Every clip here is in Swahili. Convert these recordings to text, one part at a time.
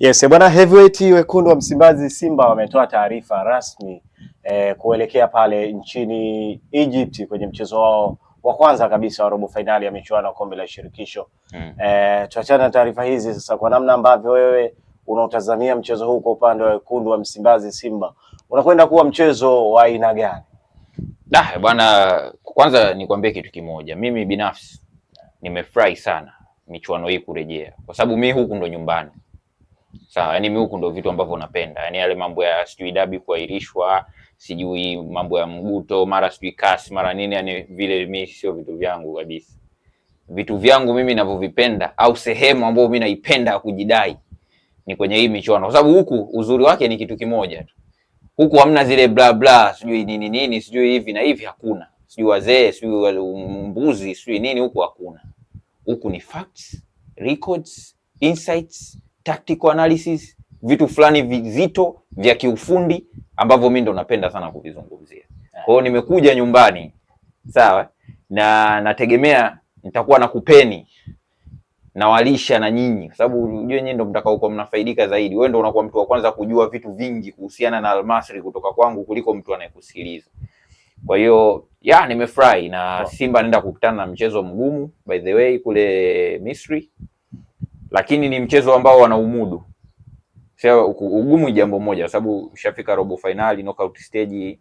Yes, eh, bwana Heavyweight wekundu wa Msimbazi Simba wametoa taarifa rasmi eh, kuelekea pale nchini Egypt kwenye mchezo wao wa kwanza kabisa wa robo fainali ya michuano ya kombe la shirikisho mm. Eh, tuachane na taarifa hizi sasa, kwa namna ambavyo wewe unaotazamia mchezo huu kwa upande wa wekundu wa Msimbazi Simba unakwenda kuwa mchezo wa aina gani? Nah, bwana, kwanza nikwambie kitu kimoja, mimi binafsi nimefurahi sana michuano hii kurejea, kwa sababu mimi huku ndo nyumbani Sawa, yani mimi huku ndio vitu ambavyo napenda, yani yale mambo ya sijui dabi kuahirishwa, sijui mambo ya mguto, mara sijui kasi, mara nini, yani vile mimi sio vitu vyangu kabisa. Vitu vyangu mimi ninavyovipenda au sehemu ambayo mimi naipenda kujidai ni kwenye hii michuano, kwa sababu huku uzuri wake ni kitu kimoja tu. Huku hamna zile bla bla, sijui nini nini, sijui hivi na hivi, hakuna sijui wazee, sijui mbuzi, sijui nini, huku hakuna. Huku ni facts, records, insights tactical analysis, vitu fulani vizito vya kiufundi ambavyo mimi ndo napenda sana kuvizungumzia. Kwa hiyo nimekuja nyumbani, sawa, na nategemea nitakuwa na nawalisha na nyinyi kwa sababu unajua nyinyi ndio mtakaokuwa mnafaidika zaidi. Wewe ndio unakuwa mtu wa kwanza kujua vitu vingi kuhusiana na Almasri kutoka kwangu kuliko mtu anayekusikiliza. Kwa hiyo ya nimefurahi na Simba naenda kukutana na mchezo mgumu by the way kule Misri lakini ni mchezo ambao wanaumudu. Sasa ugumu jambo moja, sababu ushafika robo finali knockout stage,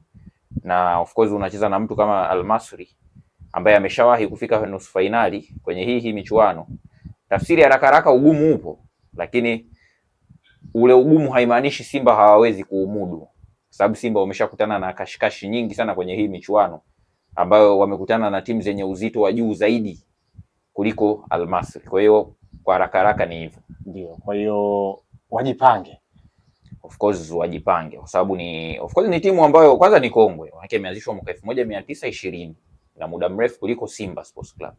na of course unacheza na mtu kama Almasri ambaye ameshawahi kufika nusu fainali kwenye hii hii michuano. Tafsiri haraka haraka, ugumu upo, lakini ule ugumu haimaanishi Simba hawawezi kuumudu, sababu Simba wameshakutana na kashikashi nyingi sana kwenye hii michuano ambayo wamekutana na timu zenye uzito wa juu zaidi kuliko Almasri. Kwa hiyo kwa haraka haraka ni hivyo ndio. Kwa hiyo wajipange, of course wajipange, kwa sababu ni of course ni timu ambayo kwanza ni kongwe, maana imeanzishwa mwaka 1920 na muda mrefu kuliko Simba Sports Club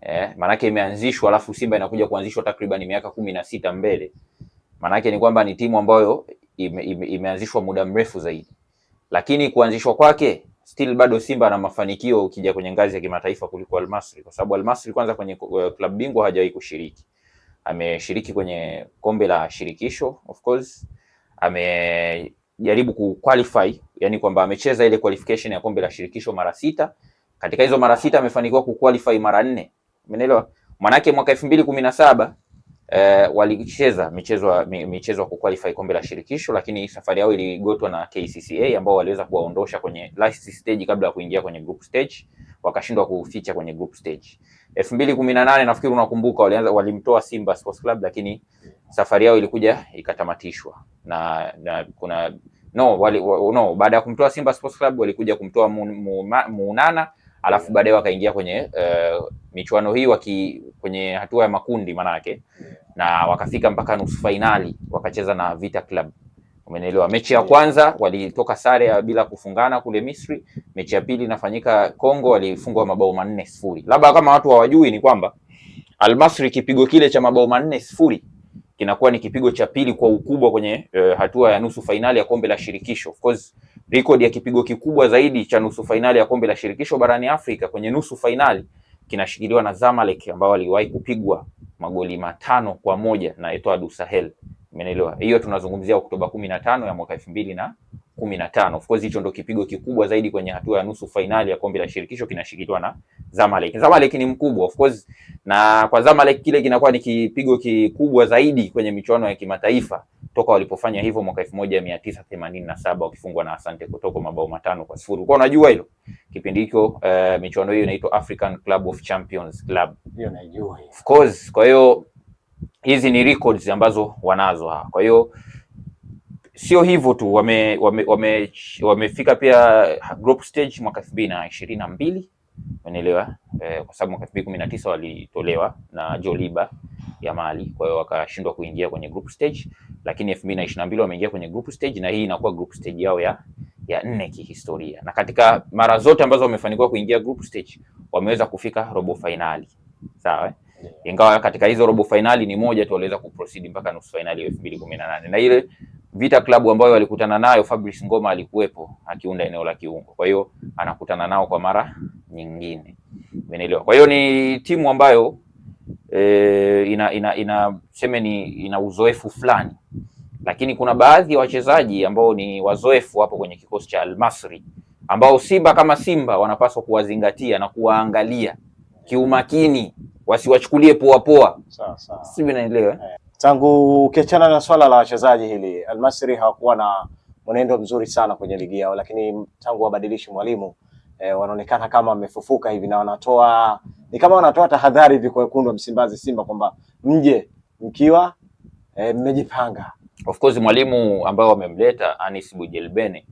eh, maana imeanzishwa alafu Simba inakuja kuanzishwa takriban miaka kumi na sita mbele. Maanake ni kwamba ni timu ambayo ime, ime, imeanzishwa muda mrefu zaidi, lakini kuanzishwa kwake still bado Simba ana mafanikio ukija kwenye ngazi ya kimataifa kuliko Almasri, kwa sababu Almasri kwanza kwenye klabu uh, bingwa hajawahi kushiriki. Ameshiriki kwenye kombe la shirikisho of course, amejaribu kuqualify, yani kwamba amecheza ile qualification ya kombe la shirikisho mara sita. Katika hizo mara sita amefanikiwa kuqualify mara nne, umeelewa? Manake mwaka elfu mbili kumi na saba Uh, walicheza michezo michezo ya kuqualify kombe la shirikisho, lakini safari yao iligotwa na KCCA ambao waliweza kuwaondosha kwenye last stage kabla ya kuingia kwenye group stage, wakashindwa kuficha kwenye group stage. 2018 nafikiri unakumbuka, walianza walimtoa Simba Sports Club, lakini safari yao ilikuja ikatamatishwa na, na kuna no wali, no baada ya kumtoa Simba Sports Club walikuja kumtoa Muunana alafu baadaye wakaingia kwenye uh, michuano hii waki kwenye hatua ya makundi manake, na wakafika mpaka nusu fainali wakacheza na Vita Club. Umenielewa? Mechi ya kwanza walitoka sare ya bila kufungana kule Misri. Mechi ya pili inafanyika Kongo, walifungwa mabao manne sifuri. Labda kama watu hawajui ni kwamba Almasri kipigo kile cha mabao manne sifuri kinakuwa ni kipigo cha pili kwa ukubwa kwenye e, hatua ya nusu fainali ya kombe la shirikisho. Of course rekodi ya kipigo kikubwa zaidi cha nusu fainali ya kombe la shirikisho barani Afrika kwenye nusu fainali kinashikiliwa na Zamalek ambao waliwahi kupigwa magoli matano kwa moja na Etoile du Sahel. Umeelewa? Hiyo tunazungumzia Oktoba kumi na tano ya mwaka elfu mbili na kumi na tano. Of course hicho ndo kipigo kikubwa zaidi kwenye hatua ya nusu fainali ya kombe la shirikisho kinashikiliwa na Zamalek. Zamalek ni mkubwa of course, na kwa Zamalek kile kinakuwa ni kipigo kikubwa zaidi kwenye michuano ya kimataifa toka walipofanya hivyo mwaka 1987 wakifungwa na Asante Kotoko mabao matano kwa sifuri. Kwa unajua hilo kipindi hicho, uh, michuano hiyo inaitwa African Club of Champions Club. Hiyo najua. Of course, kwa hiyo hizi ni records ambazo wanazo. Kwa hiyo Sio hivyo tu, wamefika wame, wame, wame pia group stage mwaka elfu mbili na ishirini na mbili unaelewa eh, kwa sababu mwaka elfu mbili kumi na tisa walitolewa na Joliba ya Mali, kwa hiyo wakashindwa kuingia kwenye group stage, lakini elfu mbili na ishirini na mbili wameingia kwenye group stage na hii inakuwa group stage yao ya ya nne kihistoria, na katika mara zote ambazo wamefanikiwa kuingia group stage wameweza kufika robo finali, sawa eh? ingawa katika hizo robo finali ni moja tu waliweza kuproceed mpaka nusu finali ya 2018 na ile Vita Club ambayo walikutana nayo, Fabrice Ngoma alikuwepo akiunda eneo la kiungo, kwa hiyo anakutana nao kwa mara nyingine, umeelewa? Kwa hiyo ni timu ambayo e, ina ina ina seme ni ina uzoefu fulani, lakini kuna baadhi ya wa wachezaji ambao ni wazoefu hapo kwenye kikosi cha almasri ambao Simba kama Simba wanapaswa kuwazingatia na kuwaangalia kiumakini, wasiwachukulie poa poa, sawa sawa, sivyo? Naelewa. Eh? Eh tangu ukiachana na swala la wachezaji hili, Almasri hawakuwa na mwenendo mzuri sana kwenye ligi yao, lakini tangu wabadilishi mwalimu e, wanaonekana kama wamefufuka hivi na wanatoa ni kama wanatoa tahadhari hivi kwa wekundu wa Msimbazi Simba kwamba mje mkiwa e, mmejipanga. Of course mwalimu ambao wamemleta Anis Bujelbene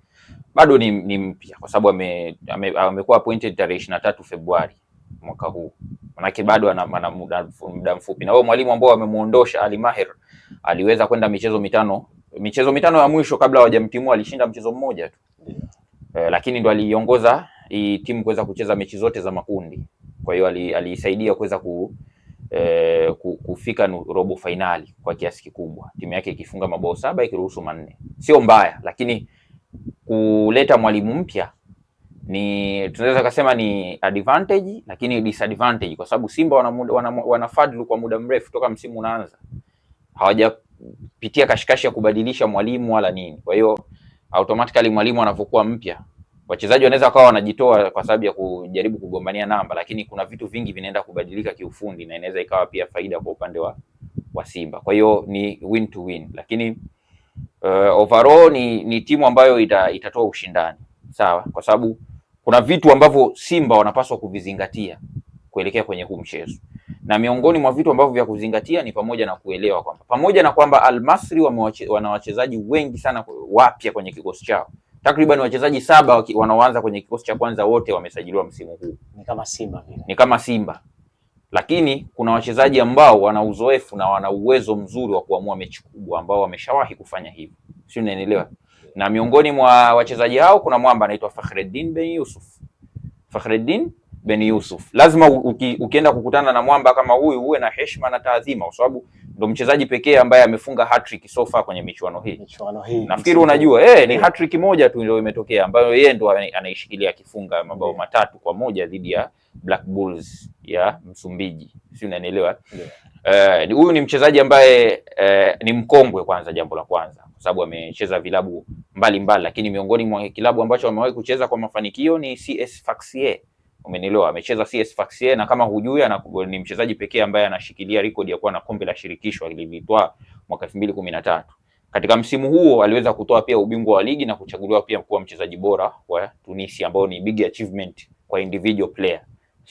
bado ni, ni mpya kwa sababu amekuwa ame, ame appointed tarehe ishirini na tatu Februari mwaka huu manake bado ana muda mfupi. Na huyo mwalimu ambao amemuondosha Ali Maher aliweza kwenda michezo mitano, michezo mitano ya mwisho kabla hawajamtimua alishinda mchezo mmoja tu yeah. E, lakini ndo aliiongoza timu kuweza kucheza mechi zote za makundi, kwa hiyo aliisaidia kuweza ku, e, kufika robo fainali kwa kiasi kikubwa, timu yake ikifunga mabao saba ikiruhusu manne, sio mbaya, lakini kuleta mwalimu mpya ni tunaweza kusema ni advantage lakini disadvantage, kwa sababu Simba wana, wana, wana fadlu kwa muda mrefu toka msimu unaanza hawajapitia kashikashi ya kubadilisha mwalimu wala nini. Kwa hiyo automatically mwalimu anapokuwa mpya wachezaji wanaweza wakawa wanajitoa kwa sababu ya kujaribu kugombania namba, lakini kuna vitu vingi vinaenda kubadilika kiufundi na inaweza ikawa pia faida kwa upande wa, wa Simba. Kwa hiyo ni win to win, lakini uh, overall ni, ni timu ambayo ita, itatoa ushindani sawa, kwa sababu kuna vitu ambavyo Simba wanapaswa kuvizingatia kuelekea kwenye huu mchezo, na miongoni mwa vitu ambavyo vya kuzingatia ni pamoja na kuelewa kwamba pamoja na kwamba almasri wana wachezaji wengi sana wapya kwenye kikosi chao takriban wachezaji saba wanaoanza kwenye kikosi cha kwanza wote wamesajiliwa msimu huu, ni kama Simba ni kama Simba, lakini kuna wachezaji ambao wana uzoefu na wana uwezo mzuri wa kuamua mechi kubwa ambao wameshawahi kufanya hivyo, si unaelewa? na miongoni mwa wachezaji hao kuna mwamba anaitwa Fakhreddin Ben Yusuf. Fakhreddin Ben Yusuf, lazima uki, ukienda kukutana na mwamba kama huyu uwe na heshima na taadhima, kwa sababu ndo mchezaji pekee ambaye amefunga hat-trick so far kwenye michuano hii, michuano hii nafikiri unajua eh, ni hat-trick moja tu ndio imetokea ambayo yeye ndo anaishikilia akifunga mabao matatu kwa moja dhidi ya Black Bulls ya Msumbiji, si unanielewa? Eh, huyu yeah. Uh, ni mchezaji ambaye uh, ni mkongwe kwanza, jambo la kwanza kwa sababu amecheza vilabu mbalimbali mbali, lakini miongoni mwa kilabu ambacho amewahi kucheza kwa mafanikio ni CS Sfaxien. Umenielewa, amecheza CS Sfaxien na kama hujui ni mchezaji pekee ambaye anashikilia rekodi ya kuwa na kombe la shirikisho lilitwaa mwaka 2013. Katika msimu huo aliweza kutoa pia ubingwa wa ligi na kuchaguliwa pia kuwa mchezaji bora wa Tunisia, ambao ni big achievement kwa individual player.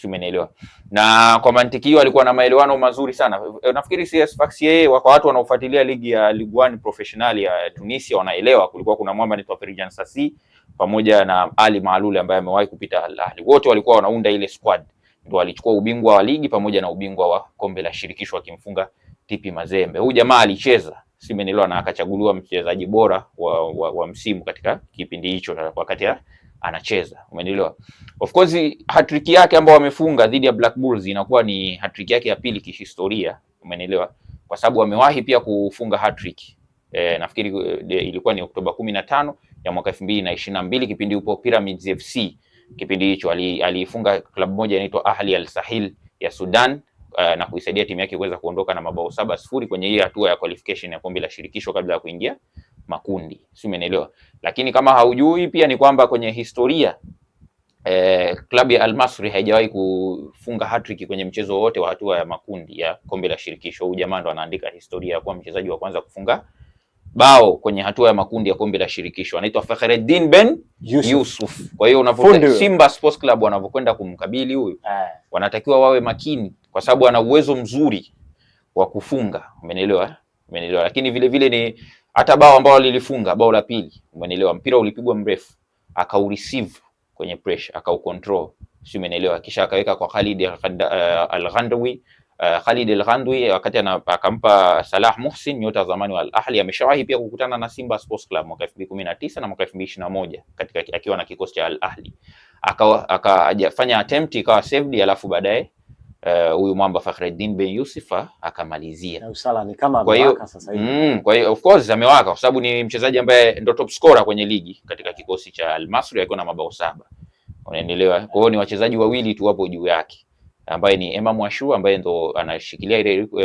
Umenielewa? Na kwa mantiki hiyo alikuwa na maelewano mazuri sana. Eh, nafikiri CS Sfax yeye kwa watu wanaofuatilia ligi ya Ligue 1 professional ya Tunisia wanaelewa, kulikuwa kuna mwamba anaitwa Ferjan Sassi pamoja na Ali Maalule ambaye amewahi kupita Al Ahly. Wote walikuwa wanaunda ile squad. Ndio alichukua ubingwa wa ligi pamoja na ubingwa wa kombe la shirikisho akimfunga TP Mazembe. Huyu jamaa alicheza, si umenielewa, na akachaguliwa mchezaji bora wa, wa, wa msimu katika kipindi hicho wakati ya anacheza, umeelewa? Of course hatrick yake ambayo amefunga dhidi ya Black Bulls inakuwa ni hatrick yake ya pili kihistoria, umeelewa? Kwa sababu amewahi pia kufunga hatrick e, eh, nafikiri eh, ilikuwa ni Oktoba kumi na tano ya mwaka elfu mbili na ishirini na mbili kipindi upo Pyramids FC. Kipindi hicho aliifunga ali klabu moja inaitwa Ahli Al Sahil ya Sudan uh, na kuisaidia timu yake kuweza kuondoka na mabao saba sifuri kwenye ile hatua ya qualification ya kombe la shirikisho kabla ya kuingia makundi, si umeelewa? Lakini kama haujui pia ni kwamba kwenye historia eh, klabu ya Al-Masri haijawahi kufunga hatrick kwenye mchezo wote wa hatua ya makundi ya kombe la shirikisho. Huyu jamaa ndo anaandika historia ya kuwa mchezaji wa kwanza kufunga bao kwenye hatua ya makundi ya kombe la shirikisho, anaitwa Fakhreddin Ben Yusuf. Yusuf. Kwa hiyo unapokuwa Simba Sports Club wanavyokwenda kumkabili huyu, ah, wanatakiwa wawe makini kwa sababu ana uwezo mzuri wa kufunga, umeelewa? Umeelewa, lakini vile vile ni hata bao ambao lilifunga bao la pili, umenielewa, mpira ulipigwa mrefu, receive kwenye pressure, control, sio, umenielewa, kisha akaweka kwa Khalid Al-Ghandwi. Uh, Khalid Al-Ghandwi wakati akampa Salah Muhsin nyota wa zamani wa Al Ahli. Ameshawahi pia kukutana na Simba Sports Club mwaka 2019 na mwaka 2021 katika akiwa na kikosi cha Al Ahli, akafanya attempt ikawa saved, alafu baadaye Eh, huyu uh, mwamba Fakhreddin bin Yusufa ah, akamalizia. Kwa hiyo mm, kwa hiyo of course amewaka kwa sababu ni mchezaji ambaye ndo top scorer kwenye ligi katika kikosi cha Al akiwa na mabao saba. Unaendelewa. Kwa hiyo ni wachezaji wawili tu wapo juu yake ambaye ni Emma Mwashu ambaye ndo anashikilia ile, uh,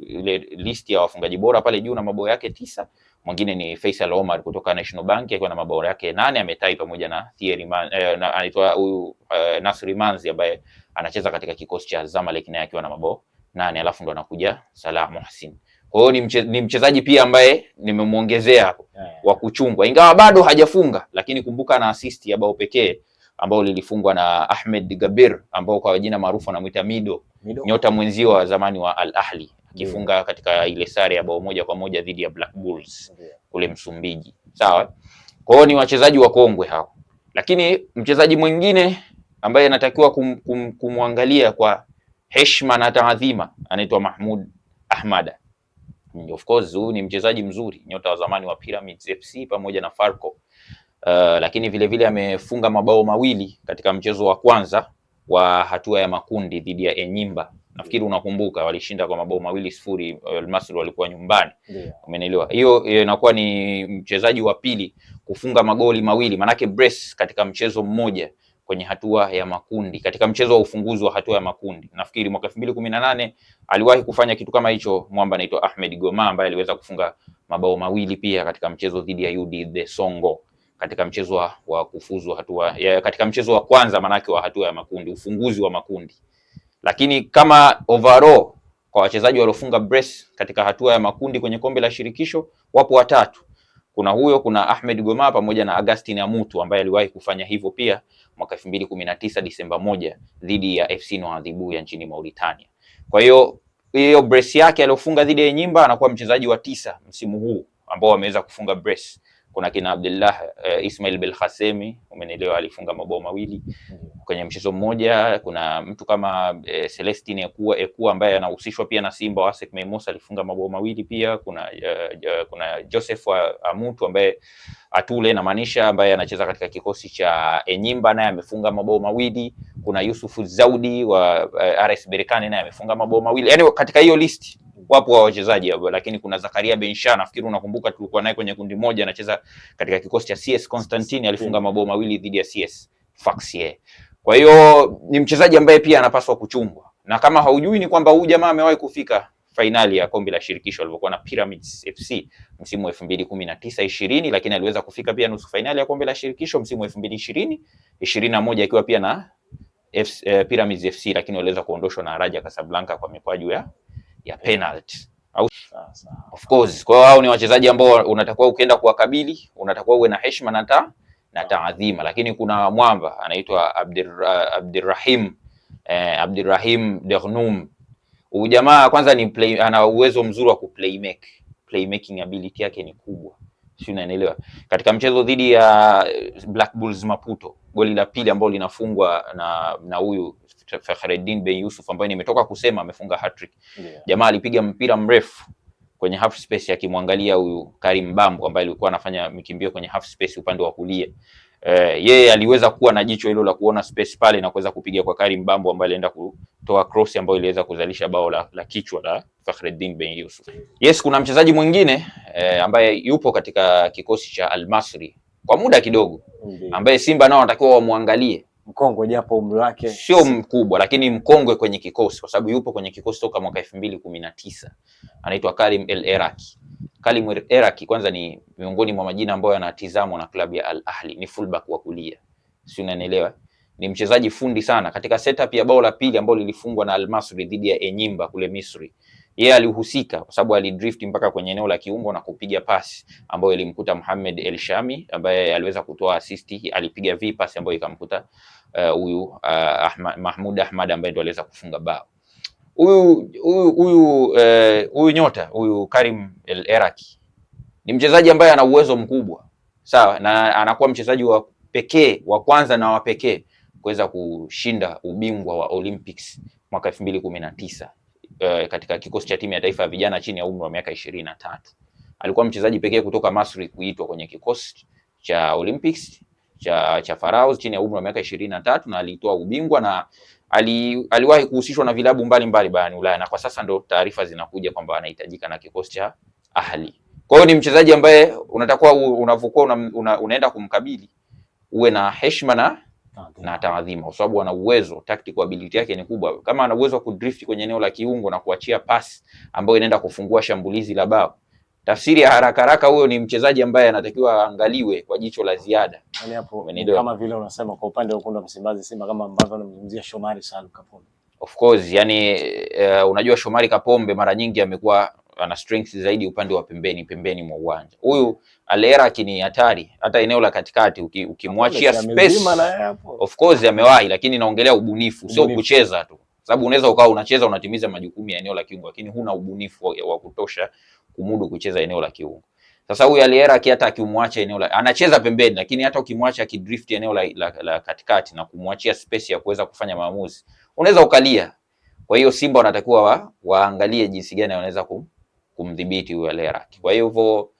ile listi ya wafungaji bora pale juu na mabao yake tisa Mwingine ni Faisal Omar kutoka National Bank akiwa na mabao yake nane ametai pamoja na Thierry Man, eh, na, anaitwa huyu uh, uh, Nasri Manzi ambaye anacheza katika kikosi cha Zamalek naye akiwa na mabao nane alafu ndo anakuja Salah Mohsin. Kwa hiyo ni, mche, ni mchezaji pia ambaye nimemwongezea hapo yeah, wa kuchungwa ingawa bado hajafunga, lakini kumbuka na assist ya bao pekee ambao lilifungwa na Ahmed Gabir ambao kwa jina maarufu anamuita Mido, Mido, nyota mwenzio wa zamani wa Al Ahli kifunga mm. katika ile sare ya bao moja kwa moja dhidi ya Black Bulls yeah. kule Msumbiji, sawa. Kwa hiyo ni wachezaji wakongwe hao, lakini mchezaji mwingine ambaye anatakiwa kum, kum, kumwangalia kwa heshima na taadhima anaitwa Mahmud Ahmada. Of course huyu ni mchezaji mzuri, nyota wa zamani wa Pyramids FC pamoja na Farco. Uh, lakini vile vile amefunga mabao mawili katika mchezo wa kwanza wa hatua ya makundi dhidi ya Enyimba nafikiri unakumbuka, walishinda kwa mabao mawili sifuri eh, Almasri walikuwa nyumbani yeah. Umenielewa, hiyo eh, inakuwa ni mchezaji wa pili kufunga magoli mawili, manake brace katika mchezo mmoja kwenye hatua ya makundi katika mchezo wa ufunguzi wa hatua ya makundi. Nafikiri mwaka 2018 aliwahi kufanya kitu kama hicho mwamba anaitwa Ahmed Goma ambaye aliweza kufunga mabao mawili pia katika mchezo dhidi ya UD The Songo katika mchezo wa kufuzu hatua ya, katika mchezo wa kwanza manake wa hatua ya makundi ufunguzi wa makundi. Lakini kama overall kwa wachezaji waliofunga brace katika hatua ya makundi kwenye kombe la shirikisho wapo watatu. Kuna huyo, kuna Ahmed Goma pamoja na Augustine Amutu ambaye aliwahi kufanya hivyo pia mwaka 2019 Disemba moja dhidi ya FC Nouadhibou ya nchini Mauritania. Kwa hiyo hiyo brace yake aliyofunga dhidi ya Nyimba anakuwa mchezaji wa tisa msimu huu ambao ameweza kufunga brace kuna kina Abdullah uh, Ismail Khasemi, umenielewa, alifunga mabao mawili kwenye mchezo mmoja. Kuna mtu kama uh, Celestine Ekua Ekua ambaye anahusishwa pia na Simba Wasek Memos alifunga mabao mawili pia. Kuna uh, uh, kuna Joseph Amutu ambaye Atule namaanisha, ambaye anacheza katika kikosi cha Enyimba naye amefunga mabao mawili. Kuna Yusuf Zaudi wa uh, RS Berkane naye amefunga mabao mawili, yani katika hiyo listi wapo wa wachezaji hapo, lakini kuna Zakaria Bensha, nafikiri unakumbuka, tulikuwa naye kwenye kundi moja, anacheza katika kikosi cha CS Constantine, alifunga mabao mawili dhidi ya CS Faxie. Kwa hiyo ni mchezaji ambaye pia anapaswa kuchungwa, na kama haujui ni kwamba huyu jamaa amewahi kufika fainali ya kombe la shirikisho alipokuwa na Pyramids FC msimu wa 2019 20, lakini aliweza kufika pia nusu fainali ya kombe la shirikisho msimu wa 2020 21 akiwa pia na F, eh, Pyramids FC, lakini waliweza kuondoshwa na Raja Casablanca kwa mikwaju ya ya penalty au of course. Kwa hiyo hao ni wachezaji ambao unatakiwa ukienda kuwakabili unatakiwa uwe na heshima na na taadhima, lakini kuna mwamba anaitwa Abdir, uh, Abdirrahim eh, Abdirrahim Dernum. Huyu jamaa kwanza ni play, ana uwezo mzuri wa ku play playmaking ability yake ni kubwa sio, unaelewa. Katika mchezo dhidi ya eh, Black Bulls Maputo, goli la pili ambalo linafungwa na na huyu Fakhreddin Ben Yusuf ambaye nimetoka kusema amefunga hat Yeah. Jamaa alipiga mpira mrefu kwenye half space akimwangalia huyu Karim Bambo ambaye alikuwa anafanya mikimbio kwenye half space upande wa kulia eh, yeye aliweza kuwa na jicho hilo la kuona space pale na kuweza kupiga kwa Karim Bambo ambaye alienda kutoa cross ambayo iliweza kuzalisha bao la, la kichwa la Fakhreddin Ben Yusuf. Yes, kuna mchezaji mwingine eh, ambaye yupo katika kikosi cha Al Masry kwa muda kidogo ambaye Simba nao wanatakiwa wamwangalie mkongwe japo umri wake sio mkubwa, lakini mkongwe kwenye kikosi, kwa sababu yupo kwenye kikosi toka mwaka elfu mbili kumi na tisa. Anaitwa Karim El Eraki. Karim El Eraki kwanza ni miongoni mwa majina ambayo yanatizamwa na klabu ya Al Ahli, ni fullback wa kulia, si unanielewa? Ni mchezaji fundi sana katika setup ya bao la pili ambalo lilifungwa na Al Masri dhidi ya Enyimba kule Misri yeye alihusika kwa sababu alidrift mpaka kwenye eneo la kiungo na kupiga pasi ambayo ilimkuta Mohamed El Shami ambaye aliweza kutoa assist. Alipiga vi pasi ambayo ikamkuta uh, huyu uh, uh, Ahmad, Mahmud Ahmad ambaye ndo aliweza kufunga bao. Huyu huyu uh, huyu nyota huyu Karim El Eraki ni mchezaji ambaye ana uwezo mkubwa sawa, na anakuwa mchezaji wa pekee wa kwanza na wa pekee kuweza kushinda ubingwa wa Olympics mwaka elfu mbili kumi na tisa uh, katika kikosi cha timu ya taifa ya vijana chini ya umri wa miaka ishirini na tatu. Alikuwa mchezaji pekee kutoka Masri kuitwa kwenye kikosi cha Olympics cha, cha Pharaohs chini ya umri wa miaka ishirini na tatu na alitoa ubingwa na ali, aliwahi kuhusishwa na vilabu mbalimbali barani Ulaya na kwa sasa ndo taarifa zinakuja kwamba anahitajika na kikosi cha Ahli. Kwa hiyo ni mchezaji ambaye unatakuwa unavyokuwa una, una, unaenda kumkabili uwe na heshima na na atawadhima, kwa sababu ana uwezo, tactical ability yake ni kubwa. Kama ana uwezo wa kudrift kwenye eneo la kiungo na kuachia pasi ambayo inaenda kufungua shambulizi la bao, tafsiri ya haraka haraka, huyo ni mchezaji ambaye anatakiwa aangaliwe kwa jicho la ziada. Yani hapo kama vile unasema kwa upande wa kundi ukunda Msimbazi, Simba, kama ambavyo anamzungumzia Shomari Salum Kapombe, of course yani, uh, eh, unajua Shomari Kapombe mara nyingi amekuwa ana strength zaidi upande wa pembeni pembeni mwa uwanja. Huyu Alera ni hatari hata eneo la katikati uki, ukimwachia space. Of course amewahi, lakini naongelea ubunifu, sio kucheza tu, sababu unaweza ukawa unacheza unatimiza majukumu ya eneo la kiungo, lakini huna ubunifu wa kutosha kumudu kucheza eneo la kiungo. Sasa huyu Alera hata akimwacha eneo la anacheza pembeni, lakini hata ukimwacha akidrift eneo la, la, la katikati na kumwachia space ya kuweza kufanya maamuzi unaweza ukalia. Kwa hiyo Simba wanatakiwa wa, waangalie jinsi gani wanaweza ku kumdhibiti huyo Lerak. Kwa hivyo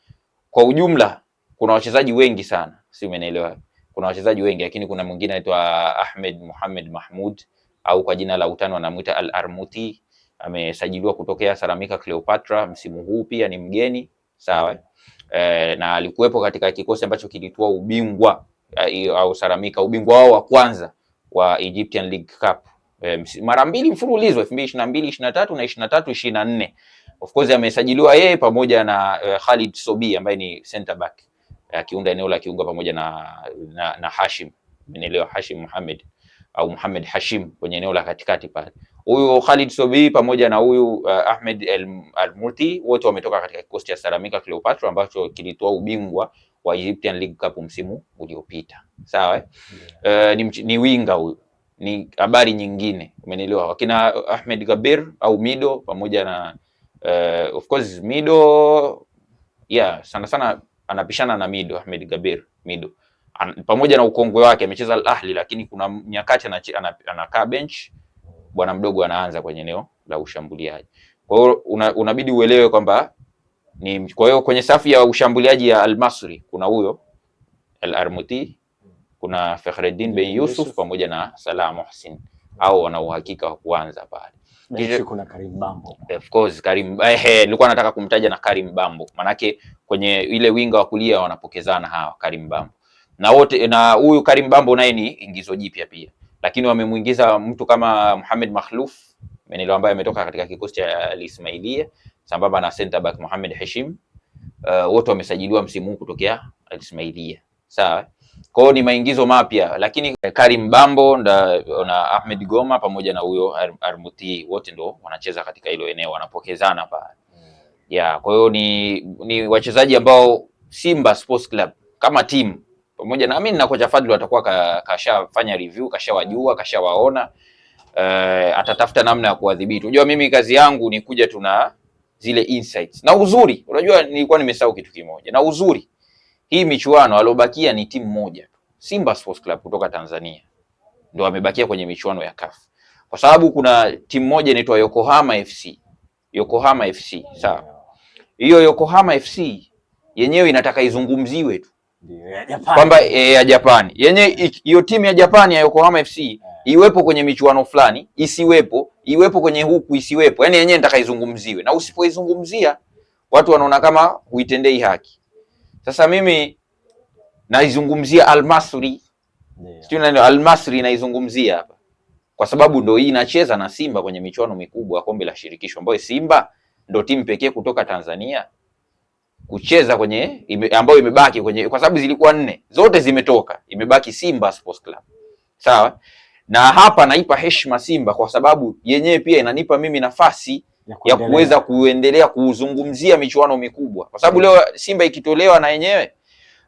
kwa ujumla kuna wachezaji wengi sana, si umeelewa? Kuna wachezaji wengi lakini kuna mwingine anaitwa Ahmed Mohamed Mahmud au kwa jina la utani wanamuita Al Armuti, amesajiliwa kutokea Saramika Cleopatra msimu huu, pia ni mgeni sawa. E, na alikuwepo katika kikosi ambacho kilitoa ubingwa eh, au Saramika, ubingwa wao wa kwanza wa Egyptian League Cup e, mara mbili mfululizo 2022 23 na 23 24. Of course amesajiliwa yeye pamoja na uh, Khalid Sobi ambaye ni center back eh, akiunda uh, eneo la kiungo pamoja na, na, na Hashim Mnelewa Hashim Muhammad au Muhammad Hashim kwenye eneo la katikati pale. Huyu Khalid Sobi pamoja na huyu uh, Ahmed Al-Murti wote wametoka katika kikosi cha Salamika Cleopatra ambacho kilitoa ubingwa wa Egyptian League Cup msimu uliopita. Sawa eh? Yeah. Uh, ni, ni winga huyu ni habari nyingine, umenielewa? Wakina Ahmed Gabir au Mido pamoja na uh, of course Mido yeah, sana sana anapishana na Mido Ahmed Gabir Mido An, pamoja na ukongwe wake amecheza Al Ahli, lakini kuna nyakati anakaa bench, bwana mdogo anaanza kwenye eneo la ushambuliaji. Kwa hiyo una, unabidi uelewe kwamba ni kwa hiyo kwenye safu ya ushambuliaji ya Al Masri kuna huyo Al Armuti kuna Fakhreddin Bey Yusuf pamoja na Salah Mohsin au wana uhakika wa kuanza pale. Kisha kuna Karim Bambo. Of course Karim eh, nilikuwa nataka kumtaja na Karim Bambo. Manake kwenye ile winga wa kulia wanapokezana hawa Karim Bambo. Na wote na huyu Karim Bambo naye ni ingizo jipya pia. Lakini wamemuingiza mtu kama Mohamed Makhlouf menelo ambaye ametoka katika kikosi cha Al Ismailia sambamba na center back Mohamed Hashim. Uh, wote wamesajiliwa msimu huu kutokea Al Ismailia. Sawa? kwao ni maingizo mapya, lakini Karim Bambo na, na Ahmed Goma pamoja na huyo Armuti wote ndo wanacheza katika hilo eneo, wanapokezana pale ya mm. yeah, kwa hiyo ni, ni wachezaji ambao Simba Sports Club kama timu pamoja na mimi na kocha Fadlu atakuwa kashafanya review, kashawajua, kashawaona uh, atatafuta namna ya kuwadhibiti. Unajua mimi kazi yangu ni kuja tuna zile insights na uzuri. Unajua nilikuwa nimesahau kitu kimoja, na uzuri hii michuano aliobakia ni timu moja tu, Simba Sports Club kutoka Tanzania ndio amebakia kwenye michuano ya CAF, kwa sababu kuna timu moja inaitwa Yokohama FC. Yokohama FC sawa, hiyo Yokohama FC yenyewe inataka izungumziwe tu kwamba e, ya Japani yenye hiyo timu ya Japani ya Yokohama FC eh. iwepo kwenye michuano fulani, isiwepo, iwepo kwenye huku, isiwepo, yaani yenyewe inataka izungumziwe, na usipoizungumzia watu wanaona kama huitendei haki. Sasa mimi naizungumzia Almasri yeah. Sijui nani Almasri naizungumzia hapa kwa sababu ndo hii inacheza na Simba kwenye michuano mikubwa ya kombe la shirikisho ambayo Simba ndo timu pekee kutoka Tanzania kucheza kwenye ime, ambayo imebaki kwenye, kwa sababu zilikuwa nne zote zimetoka, imebaki Simba Sports Club. Sawa, na hapa naipa heshima Simba kwa sababu yenyewe pia inanipa mimi nafasi ya kuweza kuendelea kuzungumzia michuano mikubwa, kwa sababu mm. leo Simba ikitolewa na yenyewe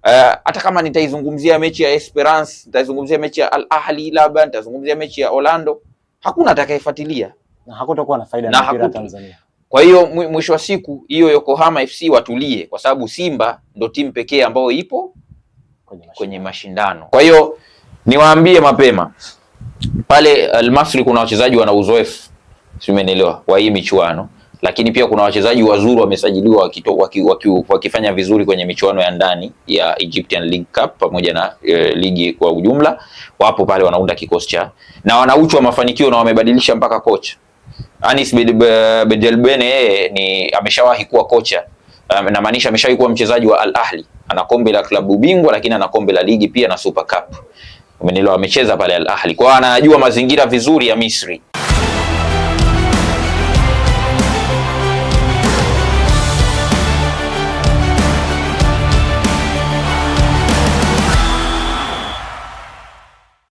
eh, hata uh, kama nitaizungumzia mechi ya Esperance, nitaizungumzia mechi ya Al Ahli, labda nitazungumzia mechi ya Orlando, hakuna atakayefuatilia na hakutakuwa na faida na mpira Tanzania. Kwa hiyo mwisho wa siku hiyo Yokohama FC watulie, kwa sababu Simba ndo timu pekee ambayo ipo kwenye mashindano, kwenye mashindano. Kwa hiyo niwaambie mapema pale Almasri kuna wachezaji wana uzoefu simenelewa kwa hii michuano. Lakini pia kuna wachezaji wazuri wamesajiliwa wakito, waki, waki, wakifanya vizuri kwenye michuano ya ndani ya Egyptian League Cup pamoja na e, ligi kwa ujumla, wapo pale wanaunda kikosi cha na wanauchwa mafanikio na wamebadilisha mpaka kocha Anis Bedelbene yeye eh, ni ameshawahi kuwa kocha um, na maanisha ameshawahi kuwa mchezaji wa Al Ahli. Ana kombe la klabu bingwa, lakini ana kombe la ligi pia na Super Cup, umenielewa. Amecheza pale Al Ahli, kwa anajua mazingira vizuri ya Misri.